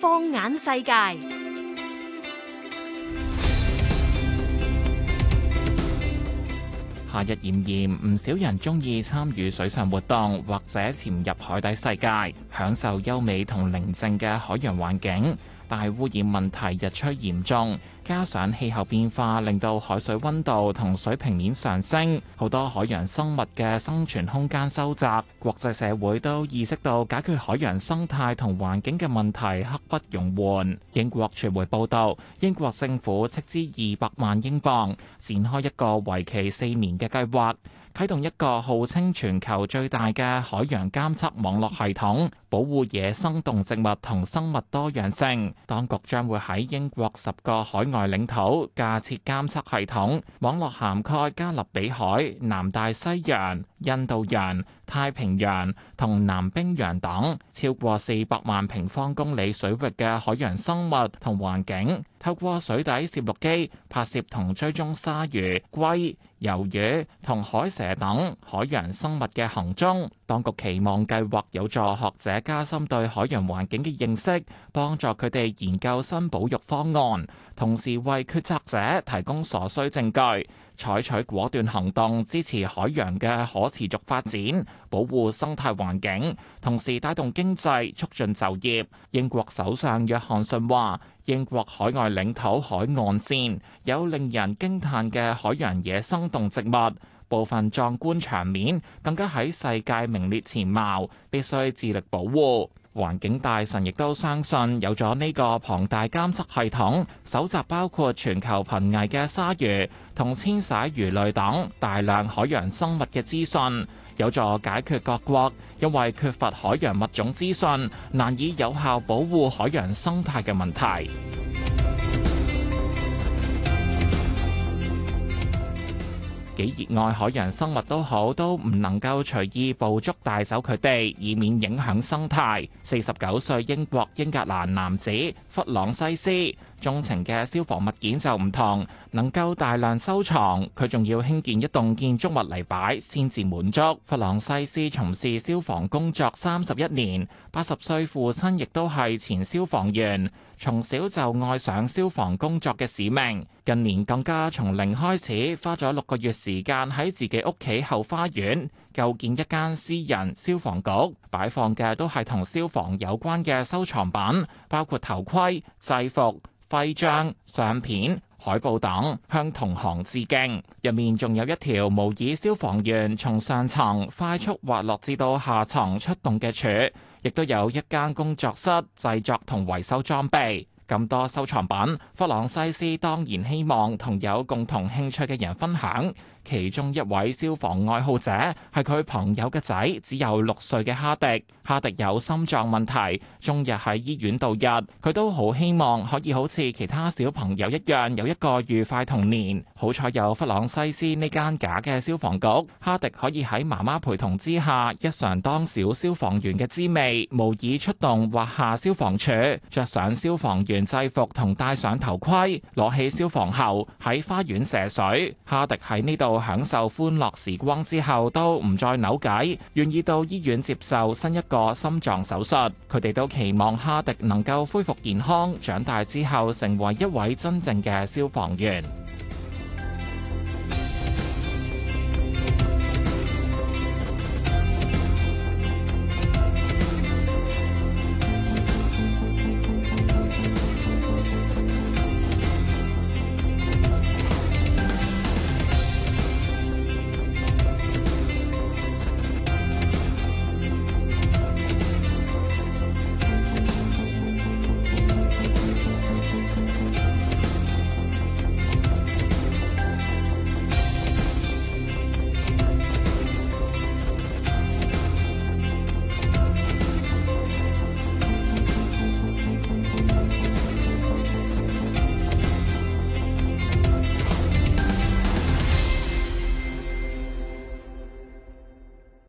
放眼世界，夏日炎炎，唔少人鍾意參與水上活動，或者潛入海底世界，享受優美同寧靜嘅海洋環境。大污染問題日趨嚴重，加上氣候變化令到海水温度同水平面上升，好多海洋生物嘅生存空間收窄。國際社會都意識到解決海洋生態同環境嘅問題刻不容緩。英國傳媒報道，英國政府斥資二百萬英鎊展開一個為期四年嘅計劃，啟動一個號稱全球最大嘅海洋監測網絡系統，保護野生動植物同生物多樣性。當局將會喺英國十個海外領土架設監測系統，網絡涵蓋加勒比海、南大西洋。印度洋、太平洋同南冰洋等超過四百萬平方公里水域嘅海洋生物同環境，透過水底攝錄機拍攝同追蹤鯊魚、龜、魷魚同海蛇等海洋生物嘅行蹤。當局期望計劃有助學者加深對海洋環境嘅認識，幫助佢哋研究新保育方案，同時為決策者提供所需證據，採取果斷行動，支持海洋嘅可持續發展，保護生態環境，同時帶動經濟，促進就業。英國首相約翰遜話：英國海外領土海岸線有令人驚嘆嘅海洋野生動植物。部分壯觀場面更加喺世界名列前茅，必須致力保護。環境大臣亦都相信有咗呢個龐大監測系統，搜集包括全球瀕危嘅鯊魚同遷徙魚類等大量海洋生物嘅資訊，有助解決各國因為缺乏海洋物種資訊，難以有效保護海洋生態嘅問題。俾熱愛海洋生物都好，都唔能夠隨意捕捉帶走佢哋，以免影響生態。四十九歲英國英格蘭男子弗朗西斯鍾情嘅消防物件就唔同，能夠大量收藏，佢仲要興建一棟建築物嚟擺先至滿足。弗朗西斯從事消防工作三十一年，八十歲父親亦都係前消防員，從小就愛上消防工作嘅使命。近年更加從零開始，花咗六個月時時間喺自己屋企後花園構建一間私人消防局，擺放嘅都係同消防有關嘅收藏品，包括頭盔、制服、徽章、相片、海報等，向同行致敬。入面仲有一條模擬消防員從上層快速滑落至到下層出動嘅柱，亦都有一間工作室製作同維修裝備。咁多收藏品，弗朗西斯當然希望同有共同興趣嘅人分享。其中一位消防愛好者係佢朋友嘅仔，只有六歲嘅哈迪。哈迪有心臟問題，終日喺醫院度日。佢都好希望可以好似其他小朋友一樣，有一個愉快童年。好彩有弗朗西斯呢間假嘅消防局，哈迪可以喺媽媽陪同之下，一嘗當小消防員嘅滋味，模擬出動滑下消防柱，着上消防員制服同戴上頭盔，攞起消防喉喺花園射水。哈迪喺呢度。享受歡樂時光之後，都唔再扭計，願意到醫院接受新一個心臟手術。佢哋都期望哈迪能夠恢復健康，長大之後成為一位真正嘅消防員。